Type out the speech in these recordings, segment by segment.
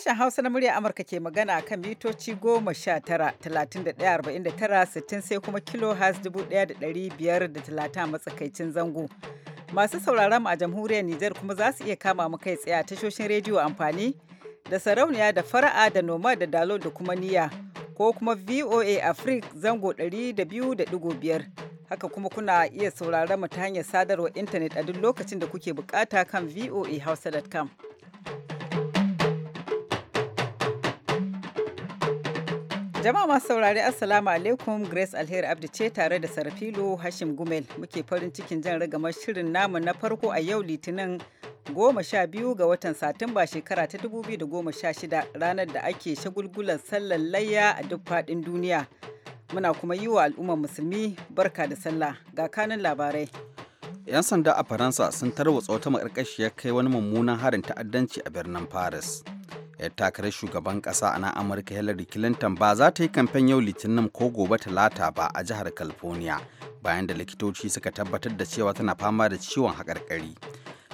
Sashen Hausa na murya Amurka ke magana kan mitoci goma sha tara, talatin sittin sai kuma kilo has dubu ɗaya da ɗari biyar da talatin matsakaicin zango. Masu sauraron mu a jamhuriyar Nijar kuma za su iya kama mu kai tsaye a tashoshin rediyo amfani da sarauniya da fara'a da noma da dalo da kuma niya ko kuma VOA Africa zango da biyar haka kuma kuna iya sauraron mu ta hanyar sadarwar intanet a duk lokacin da kuke bukata kan voahausa.com. Jama'a masu saurari Assalamu alaikum Grace Alheri Abdi ce tare da Sarfilo Hashim Gumel muke farin cikin jan ragamar shirin namu na farko a yau Litinin goma sha biyu ga watan Satumba shekara ta 2016 ranar da ake shagulgulan sallar layya a duk faɗin duniya. Muna kuma yi wa al'ummar musulmi barka da sallah ga kanin labarai. 'Yan sanda a Faransa sun tarwatsa wata maƙarƙashiyar kai wani mummunan harin ta'addanci a birnin Paris. yar takarar shugaban kasa a nan amurka hillary clinton ba za ta yi kamfen yau litinin ko gobe talata ba a jihar california bayan da likitoci suka tabbatar da cewa tana fama da ciwon haƙarƙari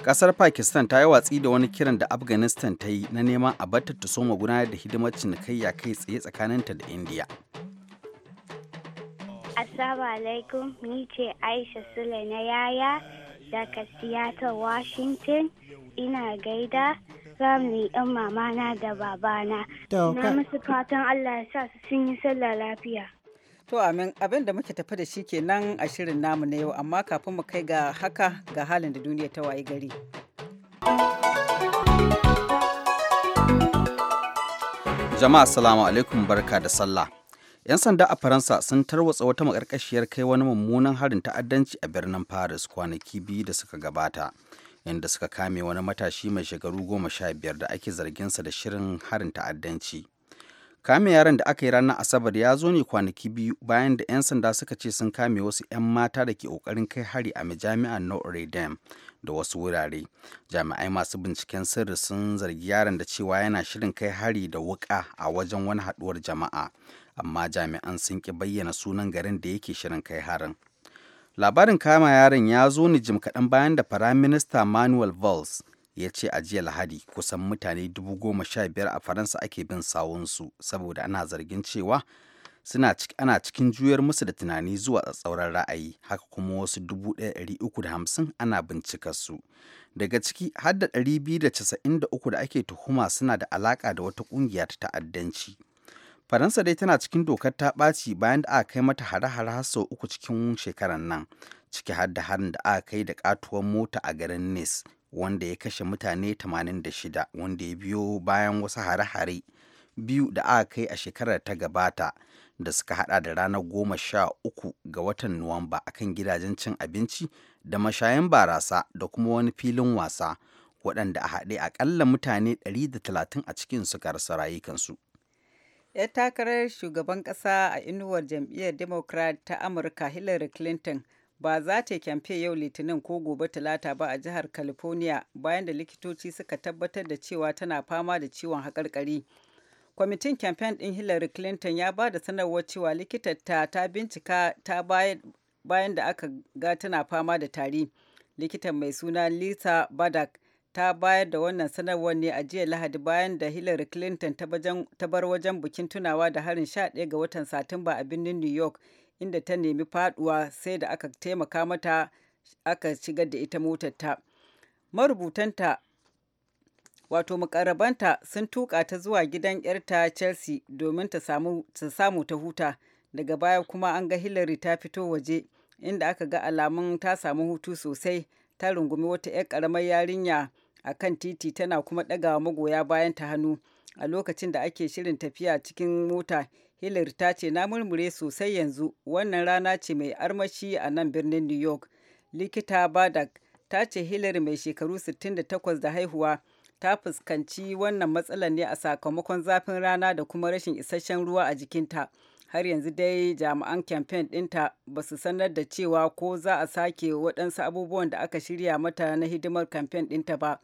ƙasar pakistan ta yi watsi da wani kiran da afghanistan ta yi na neman a batta ta soma gudanar da hidimar cinikayya kai tsaye tsakaninta da india. assalamu alaikum ni ce aisha sule na yaya daga seattle washington ina gaida family yan mamana da babana. Na musu fatan Allah ya sa su sun yi sallah lafiya. To amin abin da muke tafi da shi kenan a shirin namu na yau amma kafin mu kai ga haka ga halin da duniya ta wayi gari. Jama'a salamu alaikum barka da sallah. 'Yan sanda a Faransa sun tarwatsa wata makarkashiyar kai wani mummunan harin ta'addanci a birnin Paris kwanaki biyu da suka gabata. inda suka kame wani matashi mai shekaru goma sha biyar da ake zarginsa da shirin harin ta'addanci kame yaran da aka yi ranar asabar ya zo ne kwanaki biyu bayan da 'yan sanda suka ce sun kame wasu 'yan mata da ke kokarin kai hari a majami'ar notre dam da wasu wurare jami'ai masu binciken sirri sun zargi yaran da cewa yana shirin kai hari da wuka a wajen wani haduwar jama'a amma jami'an sun ki bayyana sunan garin da yake shirin kai harin labarin kama yaron ya zo ni jim kaɗan bayan da firaminista manuel valls ya ce a jiya lahadi kusan mutane dubu goma sha biyar a faransa ake bin sawunsu saboda ana zargin cewa suna ana cikin juyar musu da tunani zuwa tsatsauran ra'ayi haka kuma wasu 1,350 ana bincikar su daga ciki har da 293 da uku da ake tuhuma suna da alaƙa da wata kungiya ta ta'addanci faransa dai tana cikin dokar ta ɓaci bayan da aka kai mata hare-hare har sau uku cikin shekaran nan ciki har da harin da aka kai da katuwar mota a garin nes wanda ya kashe mutane 86 wanda ya biyo bayan wasu hare-hare biyu da aka kai a shekarar ta gabata da suka hada da ranar goma sha uku ga watan nuwamba a kan gidajen cin abinci da mashayan barasa da kuma wani filin wasa waɗanda a haɗe akalla mutane 130 a cikin suka rasa rayukansu. 'Yar takarar shugaban ƙasa a inuwar jam'iyyar Democrat ta Amurka Hillary Clinton ba za ta kyamfe yau Litinin ko gobe Talata ba a jihar California bayan da likitoci suka tabbatar da cewa tana fama da ciwon haƙarƙari. Kwamitin kyamfen ɗin Hillary Clinton ya ba da sanarwar cewa likitarta ta bincika ta bayan da aka ga tana fama da tari. Likitan mai suna Lisa Badak ta bayar da wannan sanarwar ne a jiya Lahadi bayan da Hillary Clinton ta bar wajen bikin tunawa da harin 11 ga watan Satumba a birnin New York inda ta nemi faduwa sai da aka taimaka mata aka shigar da ita motarta. Marubutanta wato mukarrabanta sun tuka ta zuwa gidan yarta Chelsea domin ta samu ta samu ta huta daga baya kuma an ga Hillary ta fito waje inda aka ga alamun ta samu hutu sosai ta rungumi wata 'yar ƙaramar yarinya a kan titi tana kuma ɗagawa magoya bayan ta hannu a lokacin da ake shirin tafiya cikin mota hillary ta ce na murmure sosai yanzu wannan rana ce mai armashi a nan birnin new york likita badak ta ce hillary mai shekaru 68 da haihuwa ta fuskanci wannan matsalar ne a sakamakon zafin rana da kuma rashin isasshen ruwa a jikinta. har yanzu dai jami'an kamfen ɗinta ba su sanar da cewa ko za a sake waɗansu abubuwan da aka shirya mata na hidimar kamfen ɗinta ba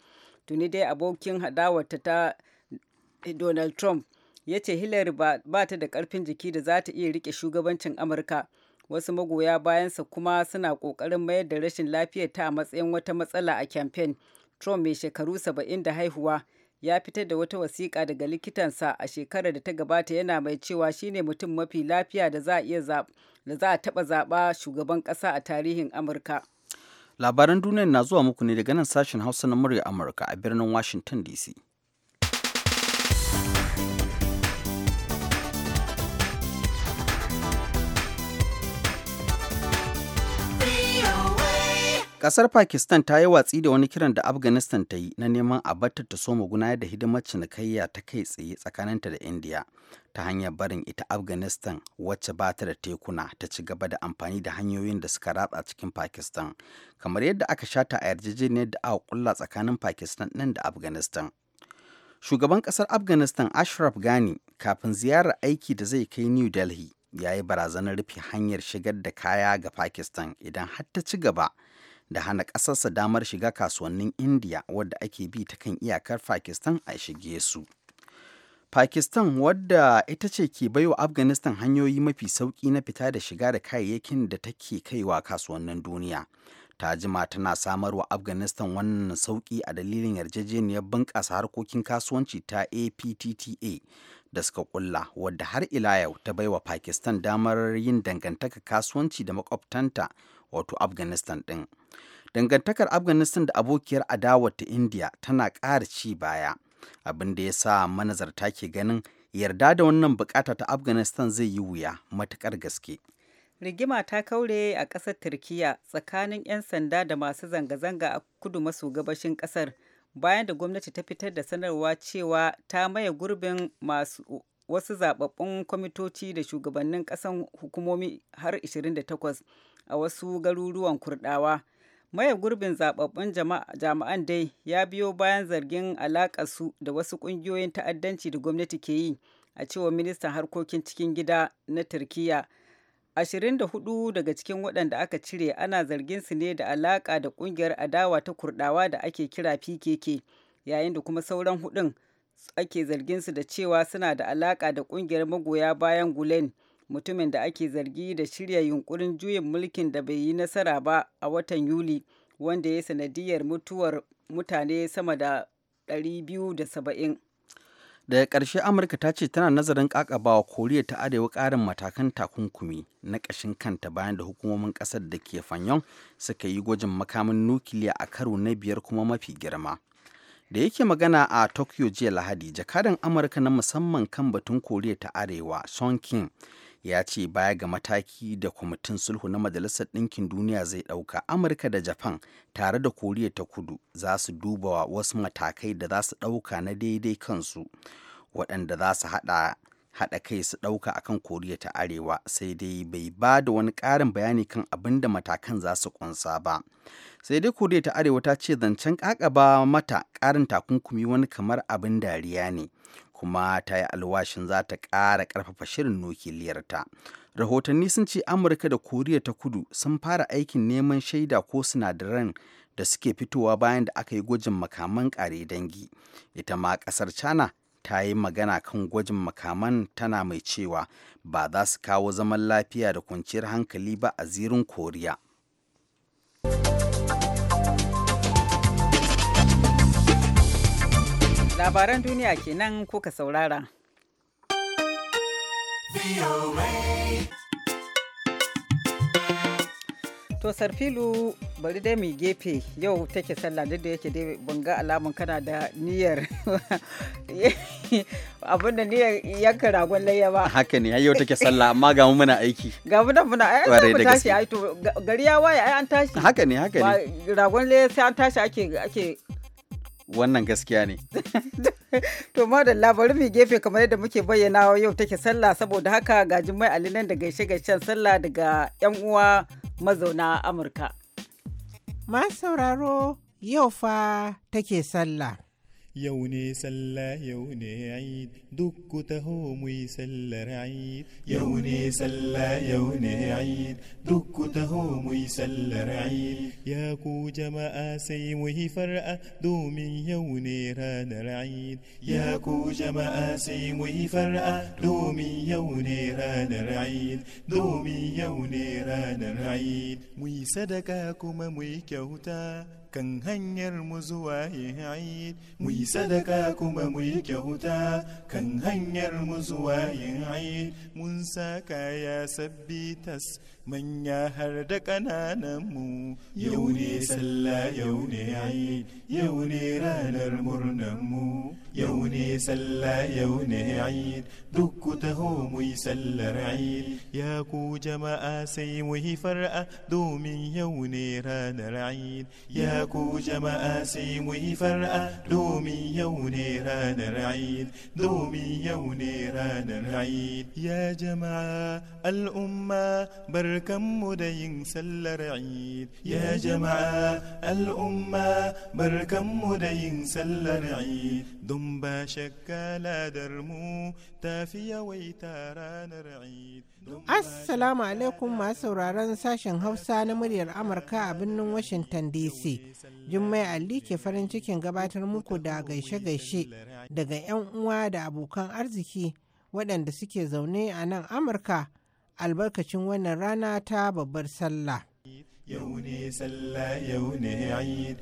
tuni dai abokin hadawarta ta eh, donald trump ya ce hillary ba ta da ƙarfin jiki da za ta iya rike shugabancin amurka wasu magoya bayansa kuma suna ƙoƙarin mayar da rashin lafiyar ta a matsayin wata matsala a kamfen trump mai shekaru saba'in da haihuwa ya fitar da wata wasiƙa daga likitansa a shekarar da ta gabata yana mai cewa shine mutum mafi lafiya da za a za a taɓa zaɓa shugaban ƙasa a tarihin Amurka. Labaran duniya na zuwa muku ne daga nan sashen Hausa na murya Amurka a birnin Washington DC. Ƙasar Pakistan ta yi watsi da wani kiran da Afghanistan ta yi na neman a batta ta soma guna da hidimar cinikayya ta kai tsaye tsakaninta da India ta hanyar barin ita Afghanistan wacce ba ta da tekuna ta ci gaba da amfani da hanyoyin da suka ratsa cikin Pakistan kamar yadda aka shata a yarjejeniyar da aka kulla tsakanin Pakistan nan da Afghanistan. Shugaban ƙasar Afghanistan Ashraf Ghani kafin ziyarar aiki da zai kai New Delhi ya yi barazanar rufe hanyar shigar da kaya ga Pakistan idan har ta ci gaba da hana ƙasarsa damar shiga kasuwannin indiya wadda ake bi ta kan iyakar pakistan a shige su pakistan wadda ita ce ke baiwa afghanistan hanyoyi mafi sauki na fita da shiga da kayayyakin da take kaiwa kasuwannin duniya ta jima tana samar wa afghanistan wannan sauki a dalilin yarjejeniyar bunƙasa harkokin kasuwanci ta aptta da suka kulla wadda har ila yau ta baiwa pakistan damar yin dangantaka kasuwanci da makwabtanta wato afghanistan ɗin dangantakar afghanistan da abokiyar adawar ta india tana ƙara ci baya abin da ya sa manazarta ke ganin yarda da wannan bukata ta afghanistan zai yi wuya matukar gaske rigima ta kaure a ƙasar turkiya tsakanin 'yan sanda da masu zanga-zanga a kudu maso gabashin ƙasar bayan da gwamnati ta fitar da sanarwa cewa ta maye gurbin masu wasu zababbun kwamitoci da shugabannin ƙasan hukumomi har 28 a wasu garuruwan kurdawa maye gurbin zababbun jama'an dai ya biyo bayan zargin su da wasu ƙungiyoyin ta'addanci da gwamnati ke yi a cewa ministan harkokin cikin gida na turkiya 24 daga cikin waɗanda aka cire ana zargin su ne da alaƙa da ƙungiyar adawa ta kurɗawa da ake kira pkk yayin da kuma sauran hudun ake zargin su da cewa suna da alaƙa da ƙungiyar magoya bayan gulen mutumin da ake zargi da shirya yunkurin juyin mulkin da bai yi nasara ba a watan Yuli wanda ya sanadiyar mutuwar mutane sama da 270. Daga ƙarshe Amurka ta ce tana nazarin ƙaƙabawa Koriya ta Arewa ƙarin matakan takunkumi na ƙashin kanta bayan da hukumomin ƙasar da ke Fanyon suka yi gwajin makamin nukiliya a karo na biyar kuma mafi girma. da yake magana a tokyo jiya lahadi jakadan amurka na musamman kan batun koriya ta arewa son king ya ce baya ga mataki da kwamitin sulhu na majalisar ɗinkin duniya zai ɗauka amurka da japan tare da koriya ta kudu za su duba wasu matakai da za su ɗauka na daidai kansu waɗanda za su haɗa haɗa kai su ɗauka akan koriya ta arewa sai dai bai ba da wani ƙarin bayani kan abin da matakan za su ƙunsa ba sai dai koriya ta arewa ta ce zancen ƙaƙaba mata ƙarin takunkumi wani kamar abin dariya ne kuma ta yi alwashin za ta ƙara ƙarfafa shirin nukiliyarta. Rahotanni sun ce Amurka da Koriya ta kudu sun fara aikin neman shaida ko sinadaran da suke fitowa bayan da aka yi gwajin makaman ƙare dangi. Ita ma ƙasar China ta yi magana kan gwajin makaman tana mai cewa ba za su kawo zaman lafiya da kwanciyar hankali ba a zirin Koriya. Labaran duniya kenan kuka saurara. To Sarfilu bari dai mu gefe yau take sallah duk da yake dai banga alamun kana da niyyar abin da niyyar yanka ragon layya ba. Haka ne yau take sallah amma ga muna aiki. Ga muna muna ai an tashi ai to gari ya waye ai an tashi. Haka ne haka ne. Ragon layya sai an tashi ake ake wannan gaskiya ne to madalla bari mu gefe kamar yadda muke bayyana yau take sallah saboda haka ga jimai nan da gaishe gaishen sallah daga yan uwa mazauna amurka ma sauraro yau fa take sallah يوني سلا يوني عيد دك تهوم يسلر عيد يوني سلا يوني عيد دك تهوم يسلر عيد يا كو جما سيمه فرأة دومي يوني ران العيد يا كو جما سيمه فرأة دومي يوني ران العيد دومي يوني ران العيد مي صدقاكم مي كوتا kan hanyar mu zuwa yin mu yi sadaka kuma mu yi kyauta kan hanyar mu zuwa yin mun sa kaya sabbi tas manya har da ƙanananmu yau ne sallah yau ne aid yau ne ranar murnanmu yau ne sallah yau ne aid duk ku taho mu yi sallar aid ya ku jama'a sai mu yi far'a domin yau ne ranar aid ya ku jama'a sai mu yi far'a domin yau ne ranar aid domin yau ne ranar aid ya jama'a al'umma bar barkanmu da yin sallar Eid ya jama'a al'umma barkanmu da yin sallar Eid don ba shakka ladar mu tafi yawaita ranar Eid Assalamu alaikum masu sauraron sashen Hausa na muryar Amurka a birnin Washington DC Jummai Ali ke farin cikin gabatar muku da gaishe-gaishe daga 'yan uwa da abokan arziki waɗanda suke zaune a nan Amurka albarkacin wannan rana ta babbar sallah. يوني سلا يوني عيد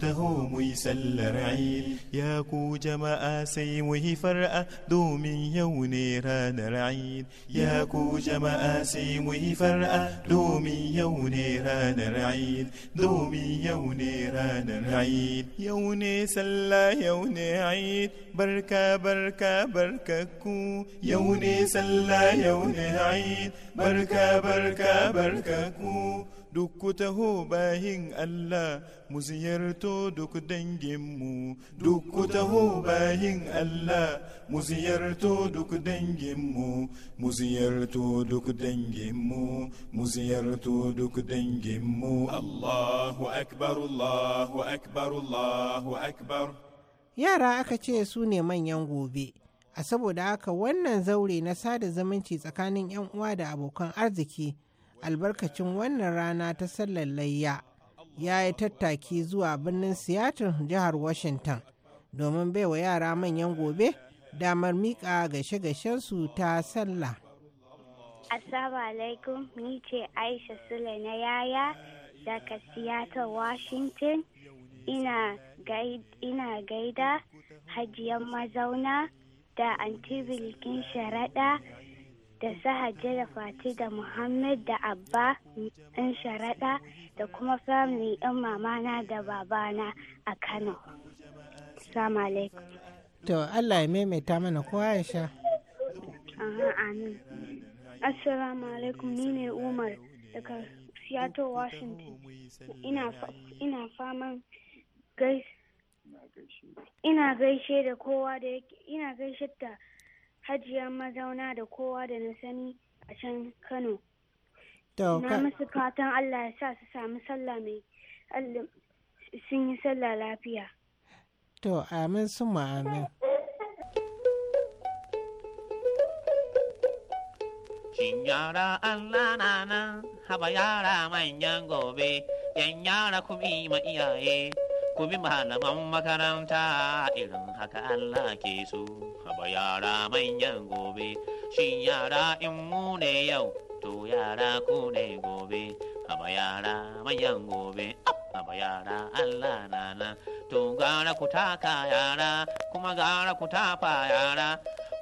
تهو مي سلا رعيل يا كو جماعة سيمه فرأة دومي يوني ران رعيل يا كو جماعة سيمه فرأة دومي يوني ران رعيل دومي يوني ران رعيل يوني سلا يوني عيد بركة بركة بركة كو يوني سلا يوني عيد بركة بركة بركة كو duk ku taho Allah mu ziyarto duk danginmu duk ku taho Allah mu ziyarto duk danginmu mu ziyarto duk danginmu mu ziyarto duk danginmu Allahu akbar Allahu akbar Allahu akbar yara aka ce su ne manyan gobe a saboda haka wannan zaure na sada zumunci tsakanin 'yan uwa da abokan arziki albarkacin wannan rana ta sallar layya ya yi tattaki zuwa birnin siyatar jihar Washington domin bai wa yara manyan gobe damar miƙa gashe su ta sallah. Assalamu alaikum, ni ce Aisha Sule na yaya daga Seattle, Washington. Ina, gaida hajiyan mazauna da antibilikin sharaɗa da sahaje da fati da muhammad da abba in sharaɗa da kuma family ɗin mamana da babana a kano salamu alaikum to allah ya maimaita mana ko aisha. sha amin assalamu alaikum ni ne umar daga seattle washington ina faman ina gaishe da kowa da yake ina gaishe da hajiyar mazauna da kowa da na sani a can Kano. Na musu fatan Allah ya sa su sami sallah mai sun yi sallah lafiya. To, amin sun amin. yara Allah na nan, haba yara manyan gobe, yan yara kuma ma iyaye. ku bi malaman makaranta irin haka Allah ke so, ba yara manyan gobe, shi yara in mu ne yau, to yara ku ne gobe, ba yara manyan gobe, ba yara Allah nana, to gara ku taka yara, kuma gara ku tafa yara,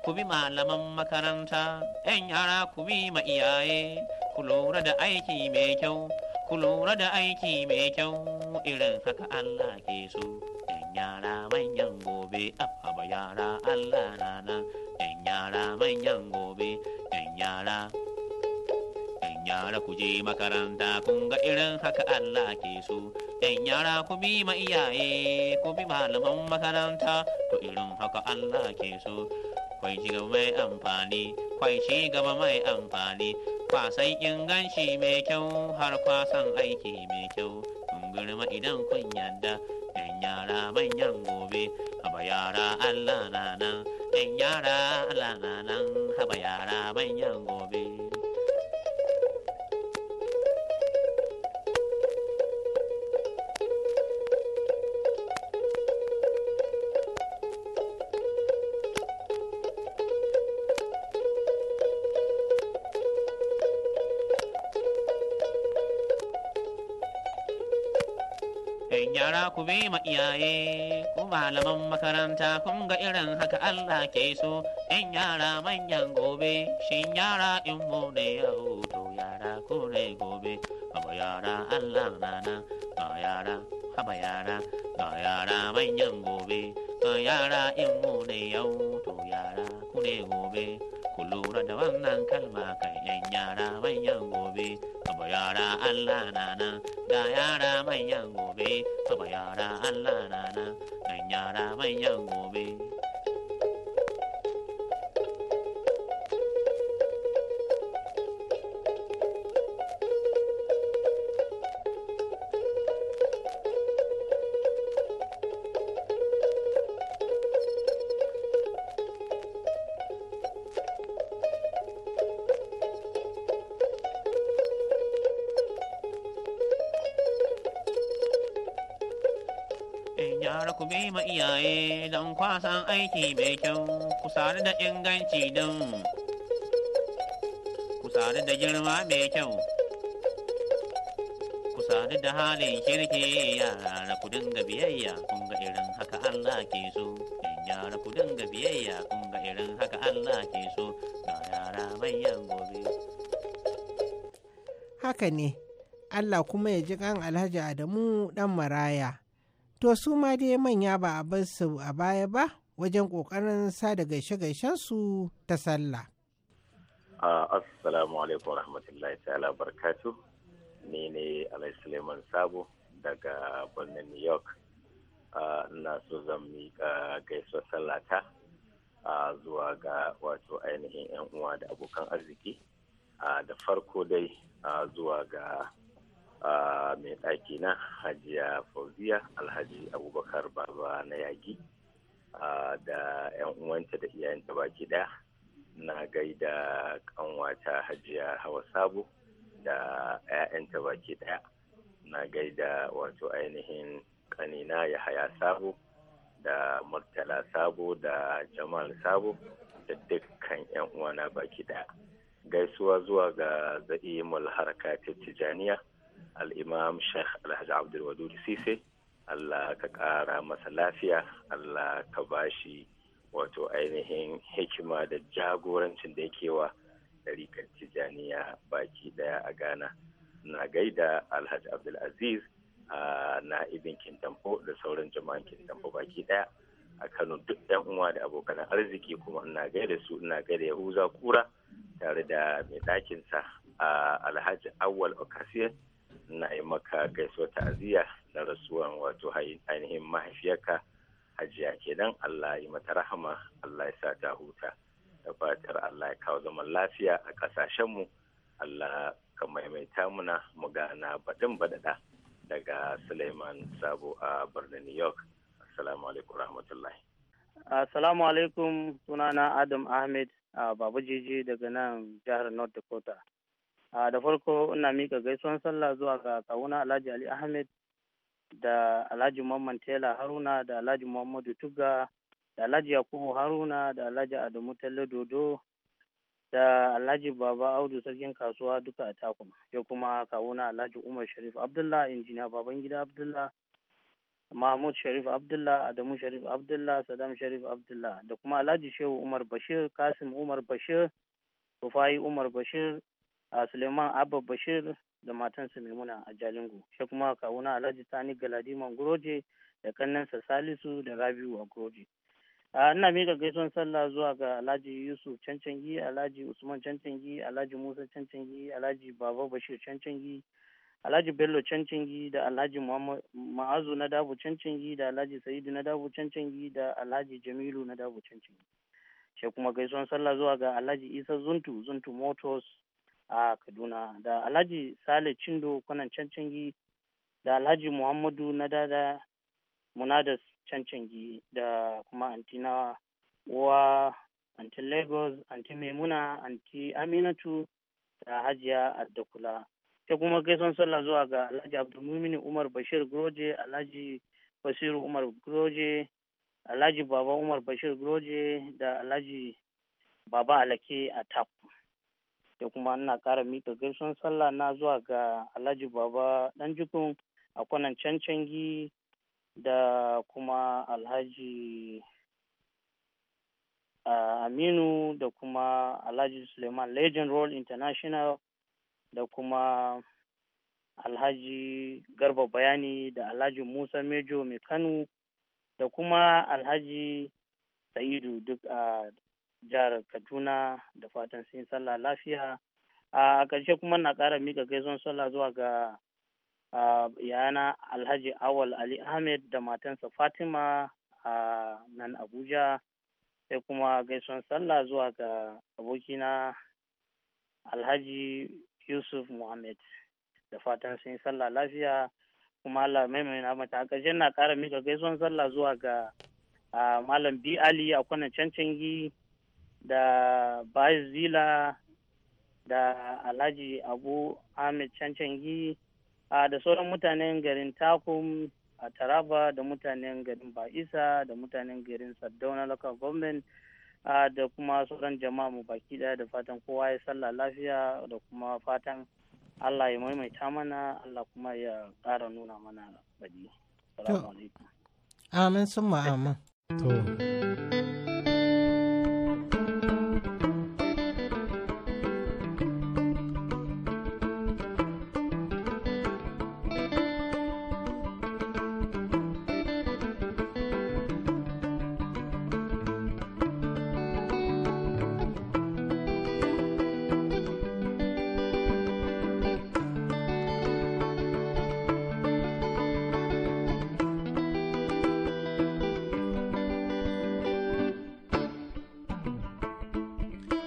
ku bi malaman makaranta, 'yan yara ku bi ma iyaye, ku lura da aiki mai kyau, ku lura da aiki mai kyau. irin haka Allah ke so yan yara manyan gobe abba yara Allah na nan yan yara manyan gobe yan yara yan yara ku je makaranta kun ga irin haka Allah ke so yan yara ku bi ma iyaye ku bi malaman makaranta to irin haka Allah ke so kwai ci gaba mai amfani kwai ci gaba mai amfani kwasan inganci mai kyau har kwasan aiki mai kyau girma idan kun yarda yan yara manyan gobe haba yara Allah na nan yan yara Allah na nan haba yara manyan gobe kai gyara ku bi ma iyaye ku malaman makaranta kun ga irin haka Allah ke so in yara manyan gobe shin yara in mu ne yau to yara ku ne gobe haba yara Allah nana ga yara haba yara ga yara manyan gobe ga yara in mu ne yau to yara ku ne gobe ku lura da wannan kalma kai yan yara manyan gobe Saba yara Allah nana, ga yara manyan gobe, saba yara Allah na ga yara manyan gobe. ku bi ma iyaye don kwasan aiki mai kyau ku sadu da inganci don ku sadu da girma mai kyau ku sadu da halin kirki yara ku dinga biyayya kun ga irin haka Allah ke so yara ku dinga biyayya kun ga irin haka Allah ke so ga yara manyan gobe haka ne Allah kuma ya ji kan Alhaji Adamu dan Maraya To su ma dai manya ba a bar su a baya ba wajen ƙoƙarin da gaishe-gaishen su ta sallah. Assalamu alaikum rahmatullahi ta'ala barkatu. Ni ne Alai Suleiman Sabo daga birnin New York. Ina so zan miƙa gaisuwar sallata zuwa ga wato ainihin 'yan uwa da abokan arziki. Da farko dai zuwa ga mai ɗaki na hajiya fauziya alhaji abubakar baba na yagi da 'yan uwanta da iyayenta baki ɗaya na gaida kanwata hajiya hawa sabo da 'ya'yanta baki ɗaya na gaida wato ainihin kanina ya haya sabo da murtala sabo da jamal sabo da dukkan 'yan uwana baki ɗaya gaisuwa zuwa ga za'imul harka ta tijaniya al'imam sheikh alhaji abdulwadud sise allah ka ƙara masa lafiya allah ka bashi wato ainihin hikima da jagorancin da yake wa ɗarikar tijaniya baki ɗaya a ghana na gaida alhaji abdulaziz a na'ibin kintampo da sauran jama'an kintampo baki ɗaya a kano duk yan uwa da abokan arziki kuma ina gaida su ina gaida yahuza kura tare da mai ɗakinsa a alhaji awwal okasiyar na yi maka gaisuwa ta'aziyya na rasuwan wato ainihin mahaifiyarka hajiya kenan Allah yi mata rahama Allah ya sa ta huta da fatar Allah ya kawo zaman lafiya a kasashenmu Allah ka maimaita muna mu gana baɗin badada daga Suleiman Sabo a birnin New York. Assalamu alaikum rahmatullahi. Assalamu alaikum sunana Adam Ahmed a Babu Jiji daga nan jihar North Dakota. da farko ina mika gaisuwan sallah zuwa ga kawuna alhaji ali ahmed da alhaji mamman tela haruna da alhaji muhammadu tuga da alhaji yakubu haruna da alhaji adamu talle dodo da alhaji baba audu sarkin kasuwa duka a takuma ya kuma kawuna alhaji umar sharif abdullah injiniya babangida abdullah mahmud sharif abdullah adamu sharif abdullah saddam sharif abdullah da kuma alhaji shehu umar bashir kasim umar bashir Tufayi umar bashir Suleiman Abba Bashir da matansa Maimuna a Jalingo, shi kuma kawuna Alhaji Sani Galadi Manguroje da kannansa Salisu da Rabiu a Agroje. Ina miƙa gaisuwan sallah zuwa ga Alhaji Yusuf Cancangi, Alhaji Usman Cancangi, Alhaji Musa Cancangi, Alhaji Baba Bashir Cancangi, Alhaji Bello Cancangi da Alhaji Ma'azu na Dabo Cancangi da Alhaji Sa'idu na Dabo Cancangi da Alhaji Jamilu na Dabo Cancangi. Sai kuma gaisuwan sallah zuwa ga Alhaji Isa Zuntu, Zuntu Motors a kaduna da alhaji sale cindo kwanan cancangi da alhaji muhammadu na dada munadas cancangi da kuma anti wa anti lagos anti maimuna anti aminatu da hajiya addakula sai kuma kai son sallah zuwa ga alhaji abdulmumini umar bashir groje alhaji basiru umar groje alhaji baba umar bashir groje da alhaji baba alake a sai kuma ina ƙara mika gaisuwan sallah na zuwa ga alhaji baba ɗanjukun a kwanan cancangi da kuma alhaji aminu da kuma alhaji suleiman legend roll international da kuma alhaji garba bayani da alhaji musa mejo mai kano da kuma alhaji sa'idu duk a jihar kaduna da fatan sun sallah lafiya a ƙarshe kuma na ƙara mika gaison sallah zuwa ga yana alhaji awal ali ahmed da matansa fatima a nan abuja sai kuma gaison sallah zuwa ga abokina alhaji yusuf muhammad da fatan sun sallah lafiya kuma Allah mai mata a ƙarshe na ƙara mika gaison sallah zuwa ga malam bi ali a kwanan cancangi da Bayez Zila da Alhaji Abu Ahmed Cancangi da sauran mutanen garin Takum a Taraba da mutanen garin Ba'isa da mutanen garin Sardauna local government da kuma sauran jama'a mu baki daya da fatan kowa ya sallah lafiya da kuma fatan Allah ya maimaita mana Allah kuma ya ƙara nuna mana baji. Amin sun ma'amma.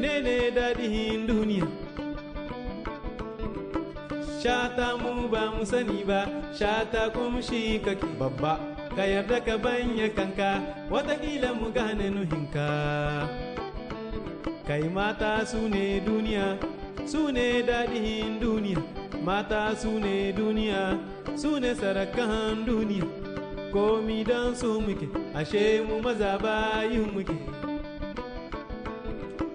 menene daɗin duniya shata mu ba mu sani ba shata kuma shi kake babba ka yarda ka banya kanka watakila mu gane nuhinka kai mata su ne duniya su ne daɗin duniya mata su ne duniya su ne sarakan duniya komi don su muke ashe mu maza yi muke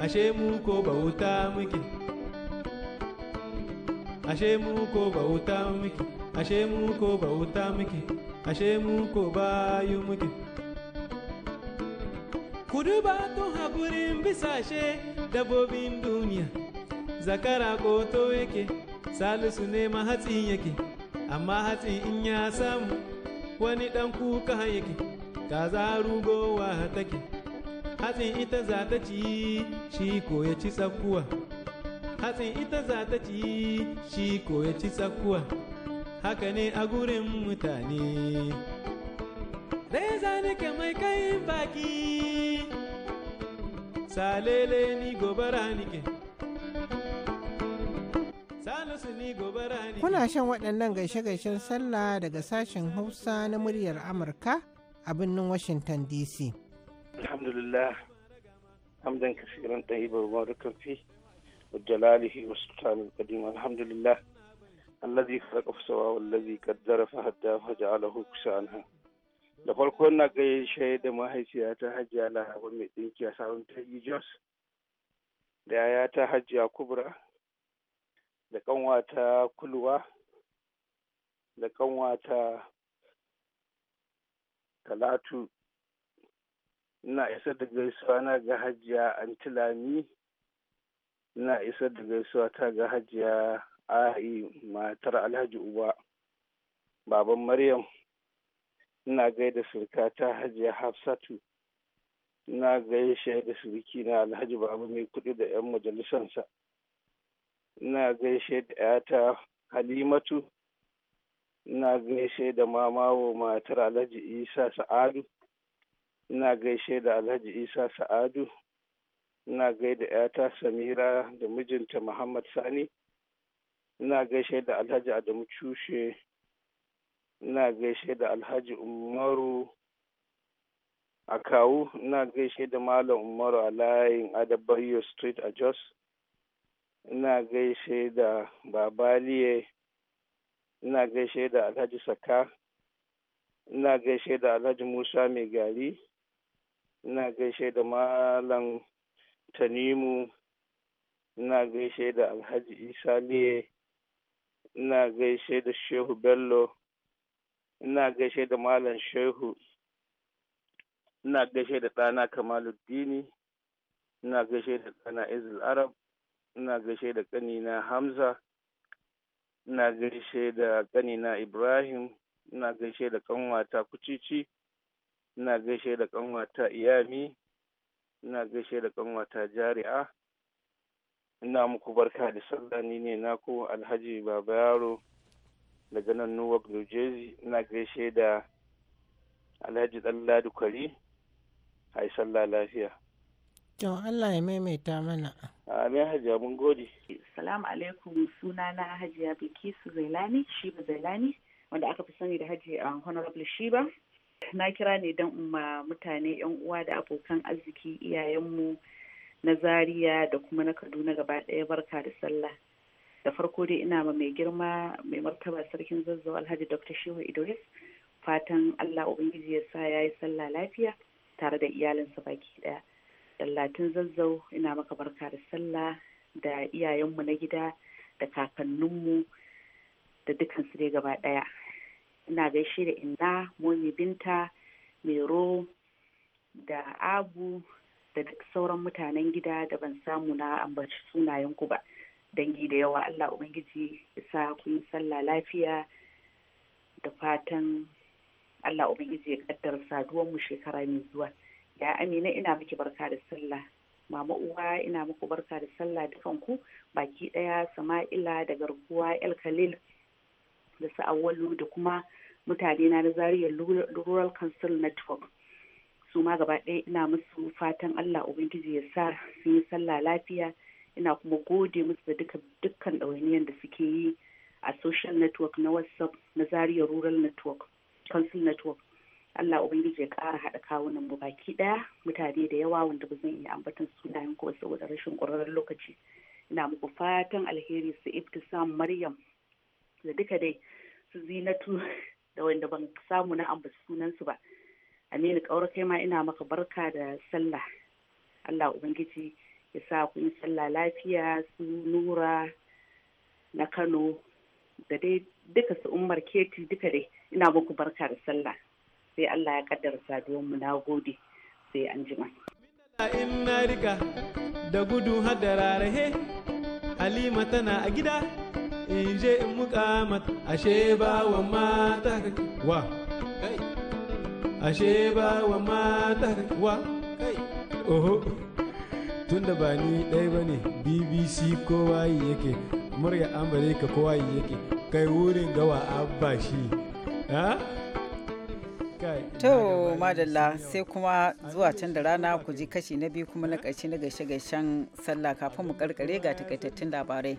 ashe mu ko bauta muke ashe mu ko bauta muke ashe mu ko bauta muke ashe mu ko bayu muke kudu ba tun haƙurin bisashe dabobin duniya zakara to yake salisu ne ma yake amma hatsi in ya samu wani ɗan kuka yake kaza rugowa take hatsin ita za ta ci shi ko ya ci sakuwa hatsin ita za ta ci shi ko ya ci sakuwa haka ne a gurin mutane reza ke mai kai baki salele ni gobara ke Kuna shan waɗannan gaishe-gaishen sallah daga sashen Hausa na muryar Amurka a birnin Washington DC. alhamdulillah حمدا kasiran طيبا مباركا فيه وجلاله والسلطان القديم الحمد لله الذي خلق فسوى والذي قدر فهدى فجعله كسانها da farko na gaishe da mahaifiya ta hajiya lahaba mai a sabon ta jos da yaya ta hajiya kubra da kanwa ta kulwa da kanwa talatu ina isa da gaisuwa na ga hajiya antilami ina isa da gaisuwa ta ga hajiya ahi matar alhaji uba baban maryam ina gaida surka ta hajiya hafsatu ina gaishe da surki na alhaji baba mai kuɗi da 'yan majalisansa ina gaishe da 'yata halimatu ina gaishe da mamawo matar alhaji isa sa'adu ina gaishe da alhaji isa sa'adu ina gaida yata samira da mijinta muhammad sani ina gaishe da alhaji adamu cushe ina gaishe da alhaji umaru a kawu ina gaishe da malam umaru a layin adabayo street a jos ina gaishe da babaliye ina gaishe da alhaji saka ina gaishe da alhaji musa mai gari ina gaishe da malam tanimu ina gaishe da alhaji isa liye ina gaishe da shehu bello ina gaishe da malam shehu ina gaishe da ɗana kamaluddini ina gaishe da ɗana izil arab ina gaishe da ƙanina hamza ina gaishe da ƙanina ibrahim ina gaishe da ƙanwata kucici ina gaishe da ƙanwata iyami ina gaishe da ƙanwata jari'a ina muku barka da sallah ne naku alhaji baba yaro daga nan newark new jersey ina gaishe da alhaji dan kwari a sallah lafiya to allah ya maimaita mana amin hajiya mun gode salamu alaikum suna na hajiya bilkisu zailani shiba zailani wanda aka fi sani da hajiya um, honorable shiba na kira ne don umma mutane yan uwa da abokan arziki iyayenmu na Zariya da kuma na kaduna gaba ɗaya barka da sallah da farko dai ina ma mai girma mai martaba sarkin zazzau alhaji dr shehu idris fatan allah ubangiji ya sa ya yi sallah lafiya tare da iyalinsa baki ɗaya dallatin zazzau ina maka barka da sallah da iyayenmu na gida da kakanninmu da dukansu dai gaba ɗaya ina gaishe da inna momi binta mero da abu da sauran mutanen gida da ban samu na ambaci sunayen ku ba dangi da yawa allah ubangiji isa kun sallah lafiya da fatan allah ubangiji ya kaddar saduwar mu shekara mai zuwa ya amina ina miki barka da sallah mama uwa ina muku barka da sallah dukan ku baki daya sama'ila da garkuwa el khalil da su awwalu da kuma mutane na Zaria Rural Council Network. Su ma gaba ɗaya ina musu fatan Allah Ubangiji ya sa su yi sallah lafiya ina kuma gode musu da duka dukkan ɗawainiyar da suke yi a social network na WhatsApp na Zaria Rural Network Council Network. Allah Ubangiji ya ƙara haɗa kawunan mu baki ɗaya mutane da yawa wanda ba zan iya ambatan sunayen ko saboda rashin ƙwararren lokaci. Ina muku fatan alheri su Ibtisam Maryam da duka dai su zinatu da wanda ban samu na ambaci sunansu ba aminu kaura kai ma ina maka barka da sallah allah ubangiji ya sa ku yi sallah lafiya su nura na kano da dai duka su umar keti duka dai ina muku barka da sallah sai allah ya kaddara saduwar mu na gode sai an jima in da gudu hadararrahe halima tana a gida in je in mukamat ashe ba wa mata wa kai ashe ba wa mata wa kai oho tunda ba ni ɗaya ba ne bbc kowa yi yake murya amurka kowa yi yake kai wurin gawa abba shi ha To madalla sai kuma zuwa can da rana ku ji kashi na biyu kuma na ƙarshe na gaishe-gaishen sallah kafin mu karkare ga takaitattun labarai.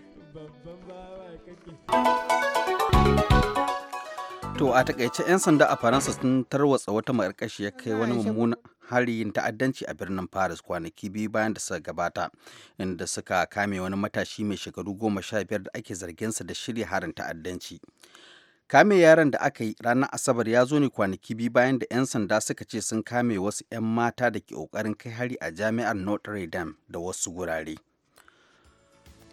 To a takaice 'yan sanda a Faransa sun tarwatsa wata makarkashi ya kai wani mummunan harin ta'addanci a birnin Paris kwanaki biyu bayan da suka gabata inda suka kame wani matashi mai shekaru goma sha biyar da ake zarginsa da shirya harin ta'addanci. Kame yaran da aka yi ranar Asabar ya zo ne kwanaki biyu bayan da 'yan sanda suka ce sun kame wasu 'yan mata da ke ƙoƙarin kai hari a jami'ar Notre Dame da wasu gurare.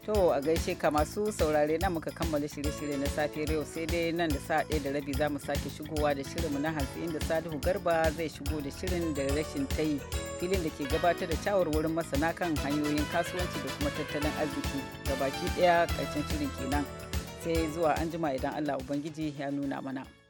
To a gaishe ka masu saurare na muka kammala shirye-shirye na safiyar yau sai dai nan da sa ɗaya da rabi za mu sake shigowa da shirinmu na hantsi inda Salihu Garba zai shigo da shirin da rashin tayi filin da ke gabatar da shawarwarin masana kan hanyoyin kasuwanci da kuma tattalin arziki ga baki ɗaya ƙarshen shirin kenan sai zuwa anjima idan Allah Ubangiji ya nuna mana.